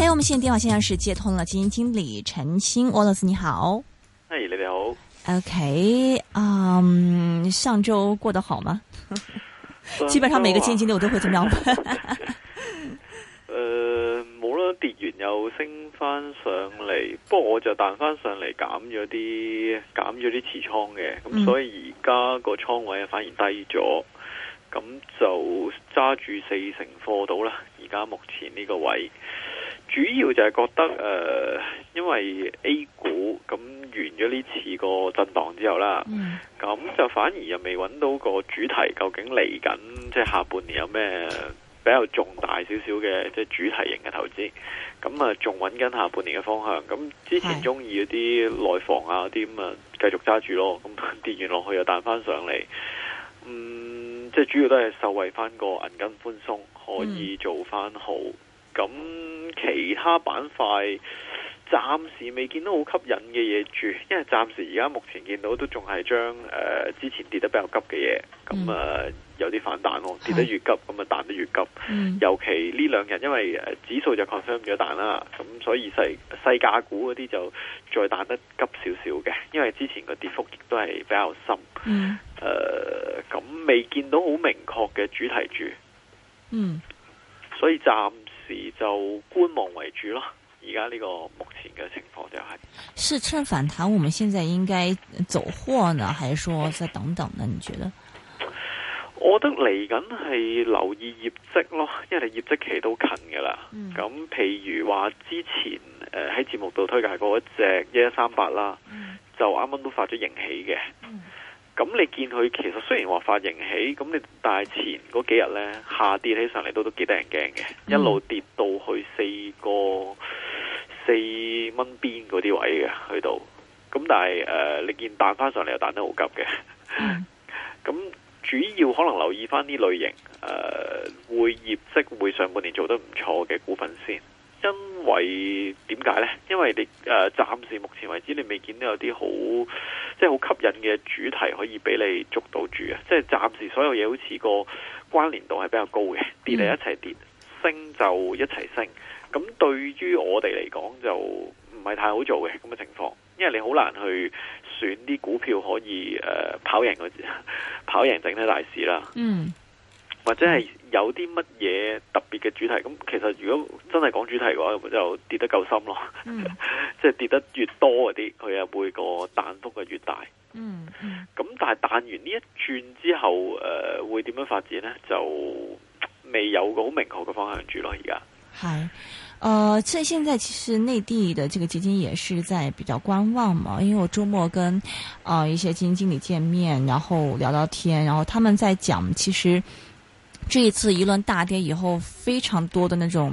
嘿，hey, 我們現電話現在是接通了基金經理陳昕 Wallace 老師，hey, 你好。嘿，你好。OK，嗯、um,，上周過得好嗎？Uh, 基本上每個基金經理我都會咁樣。誒、 呃，冇啦，跌完又升翻上嚟，不過我就彈翻上嚟減咗啲，減咗啲持倉嘅，咁、嗯、所以而家個倉位反而低咗，咁就揸住四成貨到啦，而家目前呢個位。主要就係覺得誒、呃，因為 A 股咁完咗呢次個震盪之後啦，咁、嗯、就反而又未揾到個主題，究竟嚟緊即係下半年有咩比較重大少少嘅即係主題型嘅投資？咁啊，仲揾緊下半年嘅方向。咁之前中意嗰啲內房啊啲咁啊，繼續揸住咯。咁跌完落去又彈翻上嚟，嗯，即、就、係、是、主要都係受惠翻個銀根寬鬆，可以做翻好。嗯咁其他板塊暫時未見到好吸引嘅嘢住，因為暫時而家目前見到都仲係將誒之前跌得比較急嘅嘢，咁啊、嗯、有啲反彈咯、哦，跌得越急咁啊彈得越急。嗯、尤其呢兩日，因為指數就 confirm 咗彈啦，咁所以世世界股細細價股嗰啲就再彈得急少少嘅，因為之前個跌幅亦都係比較深。誒、嗯，咁、呃、未見到好明確嘅主題住，嗯，所以暫。時就觀望為主咯，而家呢個目前嘅情況就係、是，是趁反彈，我們現在應該走貨呢，還是說再等等呢？你覺得？我覺得嚟緊係留意業績咯，因為業績期都近噶、嗯呃、啦。咁譬如話之前誒喺節目度推介過一隻一一三八啦，就啱啱都發咗盈喜嘅。嗯咁你見佢其實雖然話發型起，咁你但係前嗰幾日呢，下跌起上嚟，都都幾得人驚嘅，嗯、一路跌到去四個四蚊邊嗰啲位嘅，去到，咁但係誒、呃、你見彈翻上嚟又彈得好急嘅，咁、嗯、 主要可能留意翻啲類型，會、呃、會業績會上半年做得唔錯嘅股份先。因為點解呢？因為你誒，暫時目前為止你未見到有啲好即係好吸引嘅主題可以俾你捉到住嘅，即係暫時所有嘢好似個關聯度係比較高嘅，跌就一齊跌，升就一齊升。咁對於我哋嚟講就唔係太好做嘅咁嘅情況，因為你好難去選啲股票可以誒、呃、跑贏跑贏整體大市啦。嗯。或者係有啲乜嘢特別嘅主題，咁其實如果真係講主題嘅話，就跌得夠深咯。即係、嗯、跌得越多嗰啲，佢啊每個彈幅啊越大。嗯、咁、嗯、但係彈完呢一轉之後，誒、呃、會點樣發展呢？就未有個好明確嘅方向住咯。而家係，誒、嗯、即、呃、現在其實內地的這個基金也是在比較觀望嘛。因為我週末跟啊、呃、一些基金經理見面，然後聊聊天，然後他們在講，其實。這一次一輪大跌以後，非常多的那種。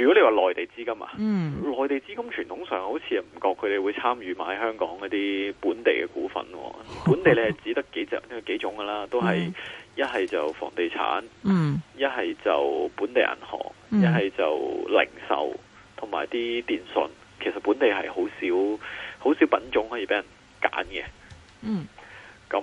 如果你話內地資金啊，嗯，內地資金傳統上好似唔覺佢哋會參與買香港嗰啲本地嘅股份。本地你係只得幾隻呢？幾種㗎啦，都係一係就房地產，嗯，一係就本地銀行，嗯，一係就零售，同埋啲電信。其實本地係好少，好少品種可以俾人揀嘅，嗯。咁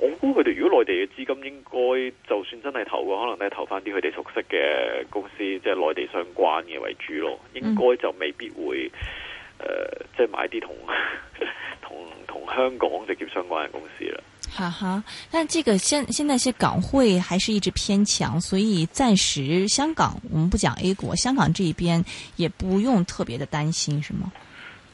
我估佢哋如果內地嘅資金應該就算真係投嘅，可能咧投翻啲佢哋熟悉嘅公司，即係內地相關嘅為主咯。應該就未必會誒、嗯呃，即係買啲同同同香港直接相關嘅公司啦。吓吓、嗯，但係這個現現在，些港匯還是一直偏強，所以暫時香港，我們不講 A 股，香港這邊也不用特別的擔心，是嗎？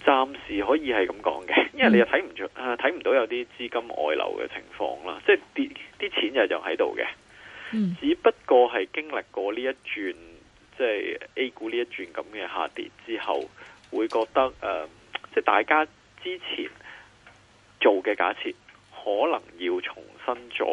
暫時可以係咁講嘅。因為你又睇唔著啊，睇唔、嗯、到有啲資金外流嘅情況啦，即係啲啲錢又又喺度嘅，嗯、只不過係經歷過呢一轉，即係 A 股呢一轉咁嘅下跌之後，會覺得誒、呃，即係大家之前做嘅假設，可能要重新再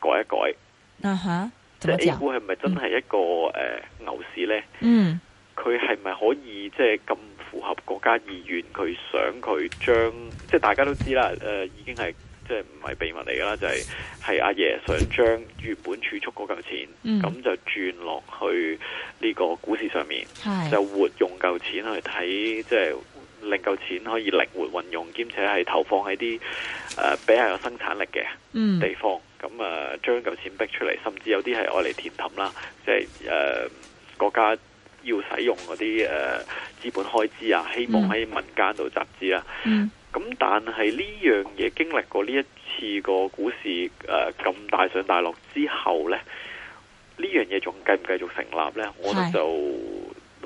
改一改、啊、即係 A 股係咪真係一個誒、嗯呃、牛市呢？嗯。佢係咪可以即係咁符合國家意願，佢想佢將，即係大家都知啦，誒、呃、已經係即係唔係秘密嚟噶啦，就係、是、係阿爺想將原本儲蓄嗰嚿錢，咁、嗯、就轉落去呢個股市上面，是就活用嚿錢去睇，即、就、係、是、令嚿錢可以靈活運用，兼且係投放喺啲誒比較有生產力嘅地方。咁啊、嗯，將嚿、呃、錢逼出嚟，甚至有啲係愛嚟填氹啦，即係誒國家。要使用嗰啲誒資本開支啊，希望喺民間度集資啊。咁、嗯、但係呢樣嘢經歷過呢一次個股市誒咁、呃、大上大落之後咧，呢樣嘢仲繼唔繼續成立咧？我咧就是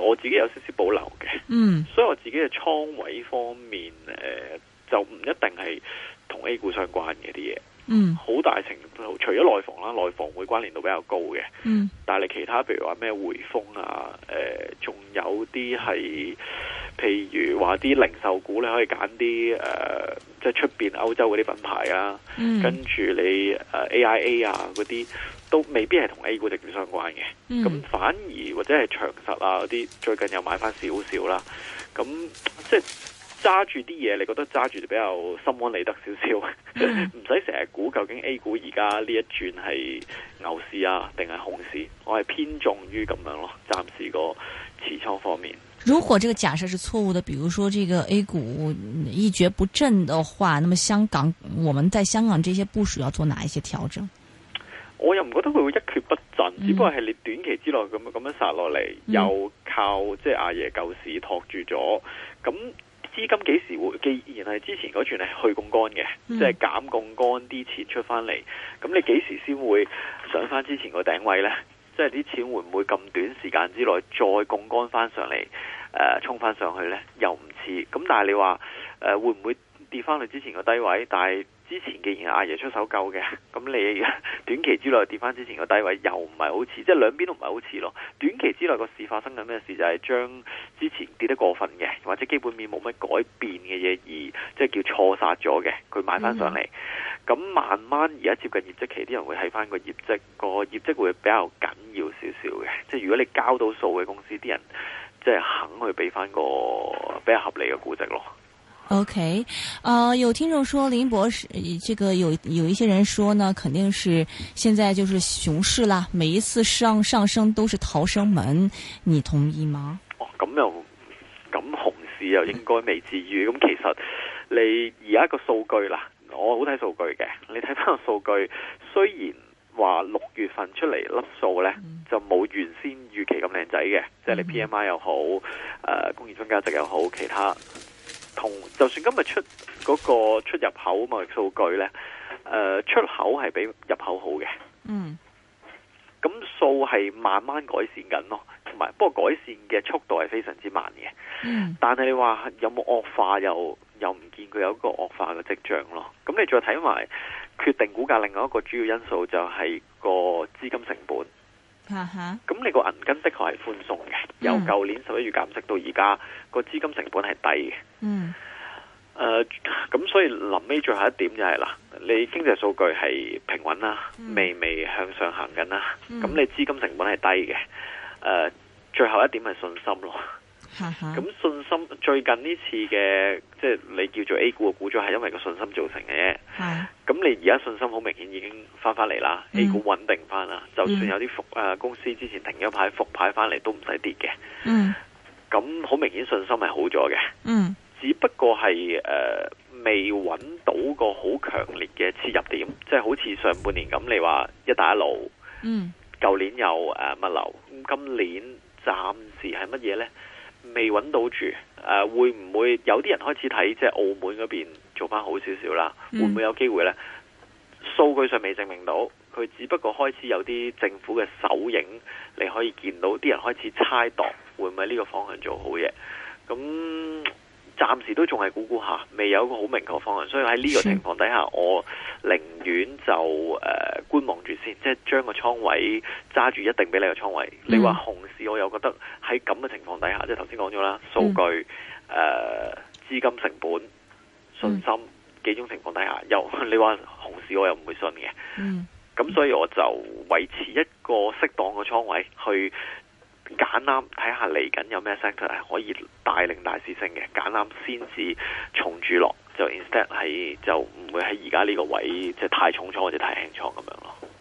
我自己有少少保留嘅。嗯，所以我自己嘅倉位方面誒、呃，就唔一定係同 A 股相關嘅啲嘢。嗯，好、mm. 大程度除咗內房啦，內房會關聯度比較高嘅。嗯，mm. 但係其他，譬如話咩匯豐啊，誒、呃，仲有啲係，譬如話啲零售股你可以揀啲誒，即係出邊歐洲嗰啲品牌啊。Mm. 跟住你誒、呃、AIA 啊嗰啲，都未必係同 A 股直接相關嘅。咁、mm. 反而或者係長實啊嗰啲，最近又買翻少少啦。咁即係。揸住啲嘢，你覺得揸住就比較心安理得少少，唔使成日估究竟 A 股而家呢一轉係牛市啊，定係熊市？我係偏重於咁樣咯，暫時個持倉方面。如果這個假設是錯誤的，比如說這個 A 股一蹶不振的話，那麼香港我們在香港這些部署要做哪一些調整？我又唔覺得佢會一蹶不振，嗯、只不過係你短期之內咁樣咁樣殺落嚟，又靠、嗯、即係阿爺救市托住咗，咁。資金幾時會？既然係之前嗰串係去槓桿嘅，嗯、即係減槓桿啲錢出翻嚟，咁你幾時先會上翻之前個頂位呢？即係啲錢會唔會咁短時間之內再槓桿翻上嚟？誒、呃，衝翻上去呢？又唔似咁，但係你話誒、呃、會唔會跌翻去之前個低位？但係。之前既然阿、啊、爺出手救嘅，咁你短期之內跌翻之前個低位，又唔係好似，即係兩邊都唔係好似咯。短期之內個事發生緊咩事？就係、是、將之前跌得過分嘅，或者基本面冇乜改變嘅嘢，而即係叫錯殺咗嘅，佢買翻上嚟。咁、嗯、哼慢慢而家接近業績期，啲人會睇翻個業績，個業績會比較緊要少少嘅。即係如果你交到數嘅公司，啲人即係肯去俾翻個比較合理嘅估值咯。O K，啊，okay. uh, 有聽眾說林博士，這個有有一些人說呢，肯定是現在就是熊市啦。每一次上上升都是逃生門，你同意嗎？哦，咁又咁熊市又應該未至於。咁、嗯、其實你而家個數據啦，我好睇數據嘅。你睇翻個數據，雖然話六月份出嚟粒數呢，嗯、就冇原先預期咁靚仔嘅，即、就、係、是、你 P M I 又好，誒、呃，工業增加值又好，其他。同就算今日出嗰個出入口貿易數據呢，呃、出口係比入口好嘅，嗯，咁數係慢慢改善緊咯，同埋不過改善嘅速度係非常之慢嘅，嗯、但係你話有冇惡化又又唔見佢有一個惡化嘅跡象咯，咁你再睇埋決定股價另外一個主要因素就係個資金成本。咁你個銀根的確係寬鬆嘅，由舊年十一月減息到而家，個資金成本係低嘅。嗯、呃。咁所以臨尾最後一點就係、是、啦，你經濟數據係平穩啦，微微向上行緊啦，咁你資金成本係低嘅。誒、呃，最後一點係信心咯。咁信心最近呢次嘅即係你叫做 A 股嘅股災係因為個信心造成嘅咁的你而家信心好明顯已經翻翻嚟啦，A 股穩定翻啦。就算有啲復、呃、公司之前停咗牌，復牌翻嚟都唔使跌嘅。咁好明顯信心係好咗嘅。嗯、只不過係誒、呃、未揾到個好強烈嘅切入點，即、就、係、是、好似上半年咁你話一帶一路。嗯，舊年又誒、呃、物流今年暫時係乜嘢呢？未揾到住，誒、啊、會唔會有啲人開始睇即係澳門嗰邊做翻好少少啦？嗯、會唔會有機會咧？數據上未證明到，佢只不過開始有啲政府嘅手影，你可以見到啲人開始猜度會唔會呢個方向做好嘢，咁。暫時都仲係估估下，未有一個好明確方案。所以喺呢個情況底下，我寧願就誒、呃、觀望住先，即係將個倉位揸住，一定俾你個倉位。嗯、你話熊市，我又覺得喺咁嘅情況底下，即係頭先講咗啦，數據誒資、嗯呃、金成本信心、嗯、幾種情況底下，又你話熊市，我又唔會信嘅。咁、嗯、所以我就維持一個適當嘅倉位去。揀啱睇下嚟緊有咩 sector 係可以帶領大市升嘅，揀啱先至重住落，就 instead 係就唔會喺而家呢個位，即係太重倉或者太輕倉咁樣咯。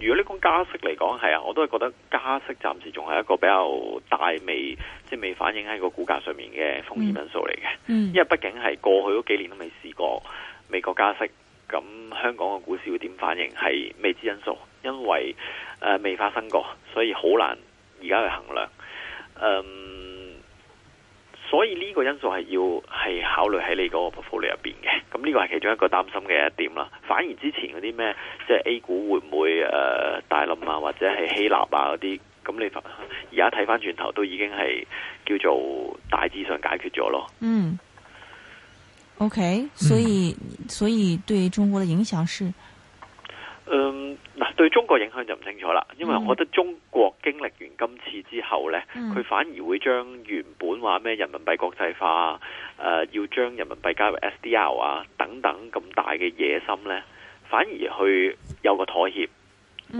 如果你講加息嚟講，係啊，我都係覺得加息暫時仲係一個比較大未，即係未反映喺個股價上面嘅風險因素嚟嘅。嗯，因為畢竟係過去嗰幾年都未試過美國加息，咁香港嘅股市會點反應，係未知因素，因為誒、呃、未發生過，所以好難而家去衡量。嗯。所以呢個因素係要係考慮喺你嗰個 portfolio 入邊嘅，咁呢個係其中一個擔心嘅一點啦。反而之前嗰啲咩，即係 A 股會唔會誒、呃、大冧啊，或者係希臘啊嗰啲，咁你而家睇翻轉頭都已經係叫做大致上解決咗咯。嗯，OK，嗯，所以所以對中國嘅影響是。嗯，嗱，對中國影響就唔清楚啦，因為我覺得中國經歷完今次之後呢佢、嗯、反而會將原本話咩人民幣國際化啊，誒、呃，要將人民幣加入 SDR 啊等等咁大嘅野心呢，反而去有個妥協，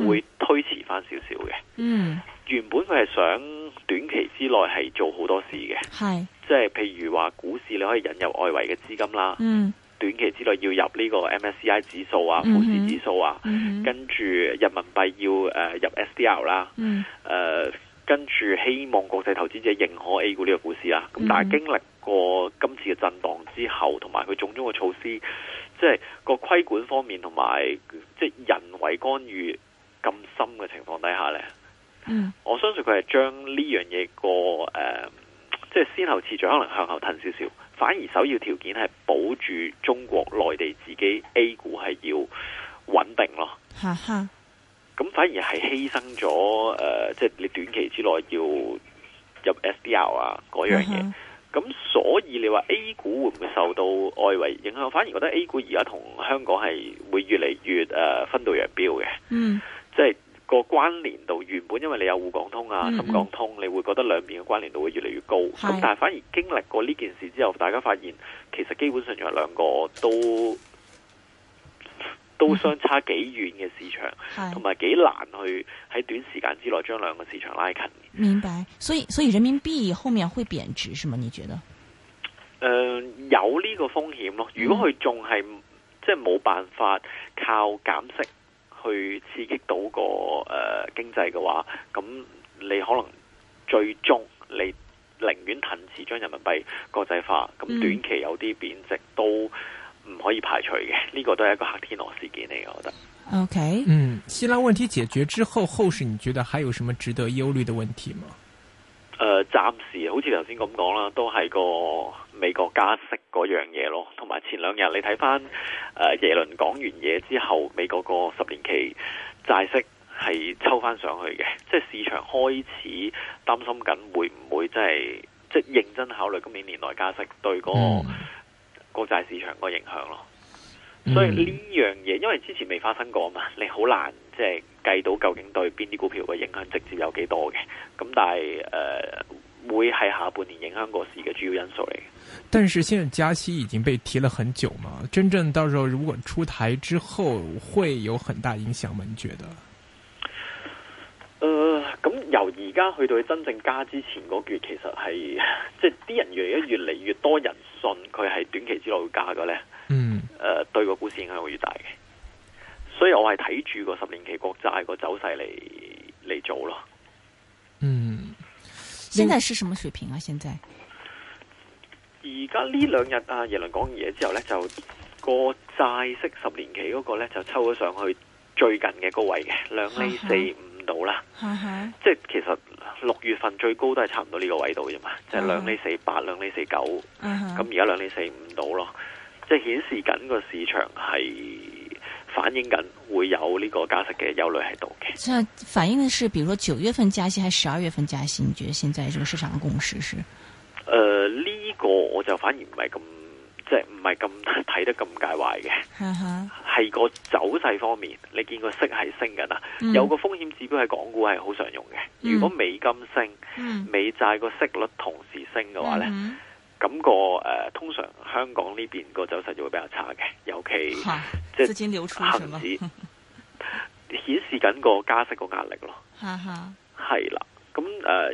會推遲翻少少嘅。嗯，原本佢係想短期之內係做好多事嘅，係是，即係譬如話股市你可以引入外圍嘅資金啦。嗯短期之內要入呢個 MSCI 指數啊，富時指數啊，mm hmm. 跟住人民幣要誒、呃、入 SDR 啦，誒、mm hmm. 呃、跟住希望國際投資者認可 A 股呢個股市啊。咁但係經歷過今次嘅震盪之後，同埋佢種種嘅措施，即、就、係、是、個規管方面同埋即係人為干預咁深嘅情況底下呢，mm hmm. 我相信佢係將呢樣嘢個誒，即、呃、係、就是、先後次序可能向後褪少少。反而首要條件係保住中國內地自己 A 股係要穩定咯，咁 反而係犧牲咗誒，即、呃、係、即係、你短期之內要入 SDR 啊嗰樣嘢。咁 所以你話 A 股會唔會受到外圍影響？反而覺得 A 股而家同香港係會越嚟越誒分道揚鑣嘅。嗯，即、 係個關聯度原本因為你有滬港通啊、深、嗯、港通，你會覺得兩邊嘅關聯度會越嚟越高。咁的但係反而經歷過呢件事之後，大家發現其實基本上有兩個都都相差幾遠嘅市場，同埋幾難去喺短時間之內將兩個市場拉近。明白，所以所以人民幣後面會貶值是嗎？你覺得？誒、呃，有呢個風險咯。如果佢仲係即係冇辦法靠減息。去刺激到個誒、呃、經濟嘅話，咁你可能最終你寧願騰遲將人民幣國際化，咁短期有啲貶值都唔可以排除嘅。呢、這個都係一個黑天鵝事件嚟嘅，我覺得。OK，嗯，希臘問題解決之後，後市你覺得還有什麼值得憂慮的問題嗎？誒、呃，暫時好似頭先咁講啦，都係個美國加息。嗰樣嘢咯，同埋前兩日你睇翻，誒、呃、耶倫講完嘢之後，美國個十年期債息係抽翻上去嘅，即係市場開始擔心緊會唔會即係即係認真考慮今年年內加息對嗰、嗰個國債、嗯、市場個影響咯。所以呢、嗯、樣嘢，因為之前未發生過嘛，你好難。即係計到究竟對邊啲股票嘅影響直接有幾多嘅？咁但係誒、呃，會係下半年影響個市嘅主要因素嚟。但是，現在加息已經被提了很久嘛，真正到時候如果出台之後會有很大影響嗎？你覺得？誒、呃，咁、呃呃、由而家去到佢真正加之前嗰月，其實係即係啲人越嚟越、越嚟越多人信佢係短期之內會加嘅咧。嗯。誒、呃，對個股市影響會越大嘅。所以我係睇住個十年期國債個走勢嚟嚟做咯。嗯，現在是什麼水平啊？現在而家呢兩日啊，耶倫講完嘢之後呢，就、那個債息十年期嗰個呢，就抽咗上去最近嘅高位的，嘅兩厘四五度啦。Uh huh. 即係其實六月份最高都係差唔多呢個位度啫嘛，即就兩厘四八、兩厘四九。嗯，咁而家兩厘四五度咯，即係顯示緊個市場係。反映緊會有呢個加息嘅憂慮喺度嘅，即反映嘅是，比如講九月份加息，還是十二月份加息？你覺得現在呢個市場的共識是？誒、呃，呢、這個我就反而唔係咁，即係唔係咁睇得咁介懷嘅。嗯哼哈，係個走勢方面，你見個息係升緊啦，嗯、有個風險指標係港股係好常用嘅。如果美金升，嗯、美債個息率同時升嘅話呢。嗯嗯咁、那個誒、呃，通常香港呢邊個走勢就會比較差嘅，尤其嘩即係資金流出什麼顯 示緊個加息個壓力咯。吓吓，係啦。咁誒，而、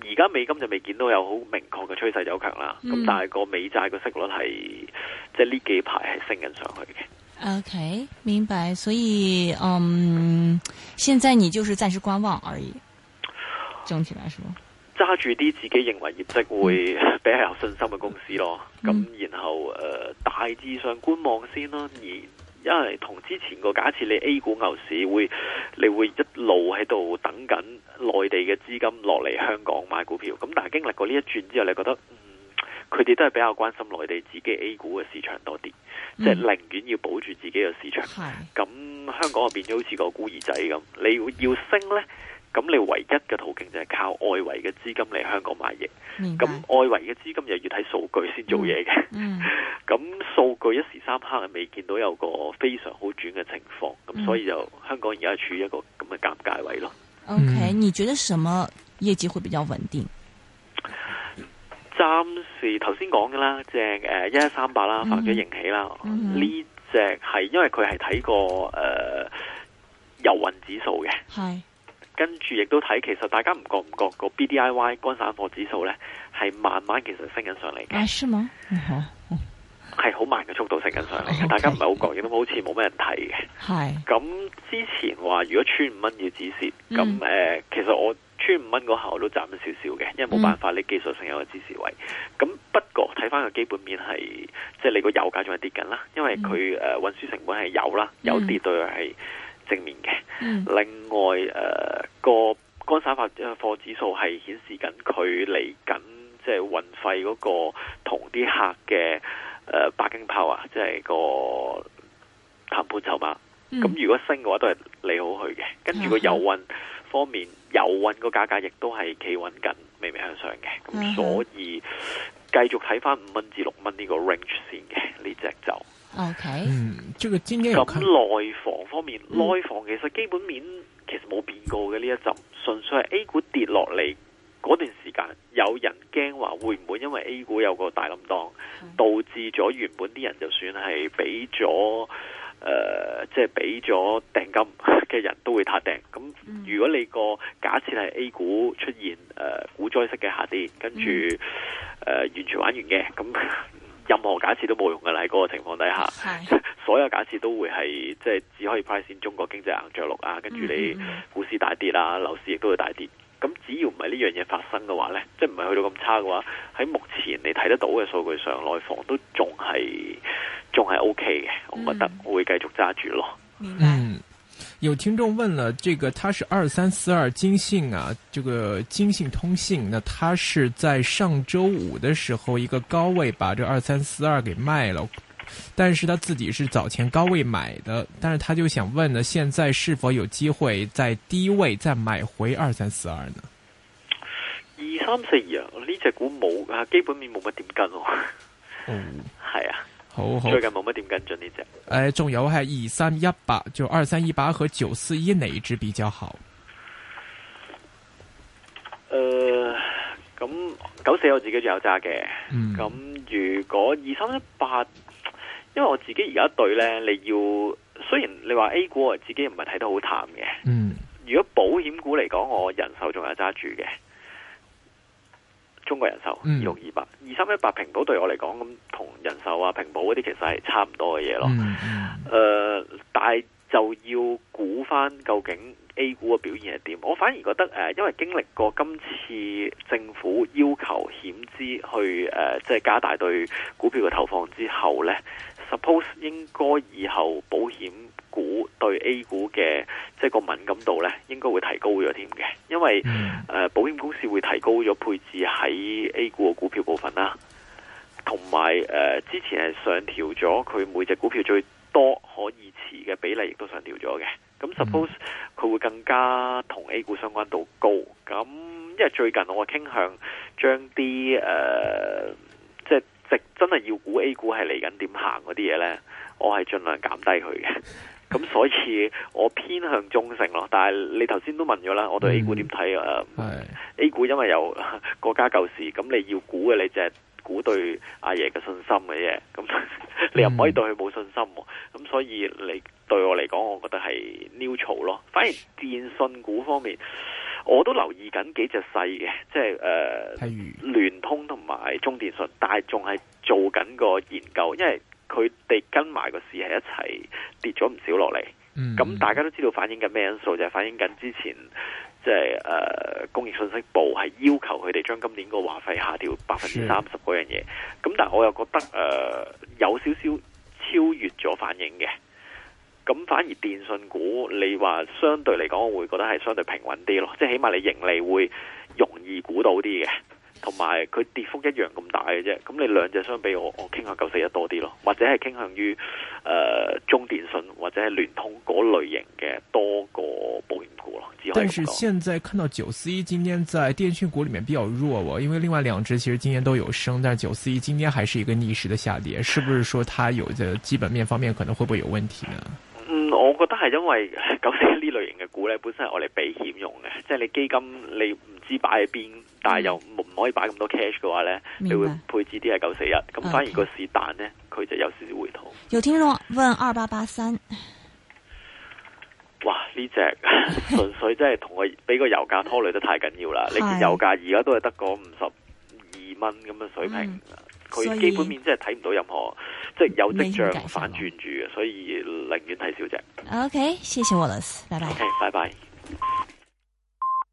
呃、家美金就未見到有好明確嘅趨勢走強啦。咁、嗯、但係個美債個息率係即係呢幾排係升緊上去嘅。OK，明白。所以嗯，現在你就是暫時觀望而已。整體來說。揸住啲自己認為業績會比較有信心嘅公司咯，咁然後、呃、大致上觀望先囉。而因為同之前個假設，你 A 股牛市會，你會一路喺度等緊內地嘅資金落嚟香港買股票。咁但係經歷過呢一轉之後，你覺得嗯，佢哋都係比較關心內地自己 A 股嘅市場多啲，即係寧願要保住自己嘅市場。咁香港就變咗好似個孤兒仔咁，你要升呢。咁你唯一嘅途徑就係靠外圍嘅資金嚟香港買嘢，咁明白，外圍嘅資金又要睇數據先做嘢嘅。咁數、嗯嗯、據一時三刻係未見到有個非常好轉嘅情況，咁、嗯、所以就香港而家處於一個咁嘅尷尬位咯。O、okay, K，你覺得什麼業績會比較穩定？暫、嗯、時頭先講嘅啦，正誒一一三八啦，發咗盈喜啦呢隻係因為佢係睇過誒、呃、油運指數嘅，係。跟住亦都睇，其實大家唔覺唔覺個 BDIY 乾散貨指數呢係慢慢其實升緊上嚟嘅。啊，係咩？Uh-huh. 係好慢嘅速度升緊上嚟，Okay. 大家唔係好覺，亦都好似冇咩人睇嘅。咁係。之前話如果穿五蚊要止蝕，咁、mm. 呃、其實我穿五蚊嗰下我都賺咗少少嘅，因為冇辦法你技術性有個止蝕位。咁、mm. 不過睇返個基本面係，即係你個油價仲係跌緊啦，因為佢誒運輸成本係油啦，油跌對係。Mm. 正面嘅，嗯、另外誒、呃、個乾散發貨指數係顯示緊佢嚟緊，呃、power, 即係運費嗰個同啲客嘅誒百斤炮啊，即係個談判籌碼。咁如果升嘅話，都係利好佢嘅。跟住個油運方面，嗯、哼油運個價格亦都係企穩緊，微微向上嘅。咁所以繼續睇翻五蚊至六蚊呢個 range 先嘅呢隻就。O K，咁內房方面，內、嗯、房其實基本面其實冇變過嘅呢一陣，純粹係 A 股跌落嚟嗰段時間，有人驚話會唔會因為 A 股有個大冧檔，嗯、導致咗原本啲人就算係俾咗誒，即係俾咗訂金嘅人都會撻訂。咁如果你個假設係 A 股出現誒股災式嘅下跌，跟住誒、呃、完全玩完嘅咁。任何假設都冇用嘅啦，喺嗰個情況底下，的所有假設都會係即係只可以 price in 中國經濟硬着陸啊，跟住你股市大跌啦、啊，樓市亦都會大跌。咁只要唔係呢樣嘢發生嘅話咧，即係唔係去到咁差嘅話，喺目前你睇得到嘅數據上，內房都仲係仲係 OK 嘅，我覺得我會繼續揸住咯。明、嗯嗯有聽眾問了，這個他是二三四二京信啊，這個京信通信，那他是在上周五的時候一個高位把這二三四二給賣了，但是他自己是早前高位買的，但是他就想問呢，現在是否有機會在低位再買回二三四二、啊、呢？二三四二呢隻股冇啊，基本面冇乜點跟哦、啊。嗯，係啊。好好最近冇乜點跟進呢隻。誒、呃，仲有係二三一八，就二三一八和九四一，哪一支比較好？誒、呃，咁九四我自己仲有揸嘅。咁、嗯、如果二三一八，因為我自己而家對呢，你要雖然你話 A 股我自己唔係睇得好淡嘅。嗯。如果保險股嚟講，我人手仲有揸住嘅。中國人壽二六二八，二三一八平保對我嚟講咁，同人壽啊、平保嗰啲其實係差唔多嘅嘢咯。誒、嗯嗯呃，但係就要估翻究竟 A 股嘅表現係點？我反而覺得誒、呃，因為經歷過今次政府要求險資去誒，即、呃、係、就是、加大對股票嘅投放之後呢 suppose 應該以後保險。股對 A 股嘅即係個敏感度咧，應該會提高咗添嘅。因為保險公司會提高咗配置喺 A 股嘅股票部分啦，同埋誒，之前係上調咗佢每隻股票最多可以持嘅比例，亦都上調咗嘅。咁 suppose 佢會更加同 A 股相關度高。咁因為最近我傾向將啲誒，即係直真係要估 A 股係嚟緊點行嗰啲嘢呢，我係盡量減低佢嘅。咁所以我偏向中性咯，但係你頭先都問咗啦，我對 A 股點睇啊？A 股因為有國家救市，咁你要估嘅，你只係估對阿爺嘅信心嘅啫，咁你又唔可以對佢冇信心，咁、嗯、所以你對我嚟講，我覺得係 neutral 咯。反而電信股方面，我都留意緊幾隻細嘅，即係誒，呃、譬如聯通同埋中電信，但係仲係做緊個研究，因為。佢哋跟埋個市係一齊跌咗唔少落嚟，咁、嗯嗯、大家都知道反映緊咩因素？就係、是、反映緊之前即係誒工業信息部係要求佢哋將今年個話費下調百分之三十嗰樣嘢。咁是的 但係我又覺得誒、呃、有少少超越咗反映嘅。咁反而電信股，你話相對嚟講，我會覺得係相對平穩啲咯，即係起碼你盈利會容易估到啲嘅。同埋佢跌幅一樣咁大嘅啫，咁你兩隻相比我，我我傾向九四一多啲咯，或者係傾向於、呃、中電信或者係聯通嗰類型嘅多個保險股咯。但是現在看到九四一今天在電訊股裏面比較弱喎，因為另外兩隻其實今天都有升，但九四一今天還是一個逆勢的下跌，是不是說它有着基本面方面可能會不會有問題呢？嗯，我覺得係因為九四一呢類型嘅股咧，本身係我哋避險用嘅，即係你基金你。置擺喺邊，但係又唔可以擺咁多 cash 嘅話呢，白你會配置啲係九四一。咁反而個是但呢，佢 Okay. 就有少少回吐。有天樂問二八八三，哇！呢隻純粹真係同佢俾個油價拖累得太緊要啦。 你個油價而家都係得個五十二蚊咁嘅水平，佢、嗯、基本面真係睇唔到任何以即係有跡象反轉住嘅，所以寧願睇少隻。OK，謝謝我 a l 拜拜。拜拜。Okay, bye bye